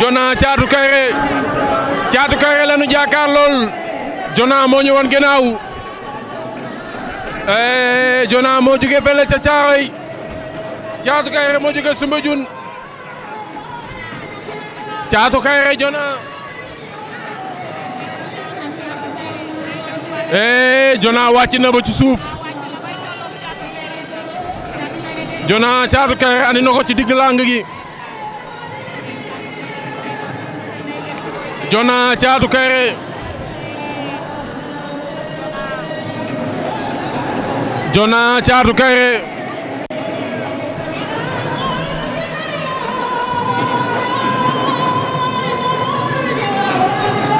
Jona Thiatou Kairé Thiatou Kairé la ñu lool Jona moo ñëwoon ginnaaw eh, Jona moo jóge fële ca Thiaroye Thiatou Kairé moo jóge Soumbédioune Thiatou Kairé Jona eh, Jona wàcc ba ci suuf Jona Thiatou Kairé andi na ko ci digg làng gi Jona Thiatou Kairé Jona Thiatou Kairé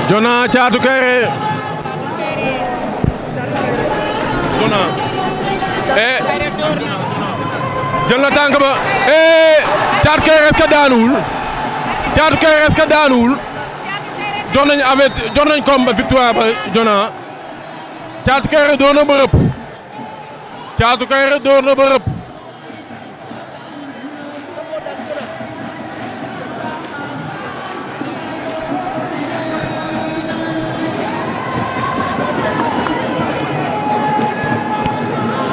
Jona Thiatou Kairé Jona eh jël na tànk ba eh Thiatou Kairé est-ce que daanuwul Thiatou Kairé est-ce jox nañu avec jox nañ comme victoire ba Jona Thiatou Kairé door na ba rëpp Thiatou Kairé door na ba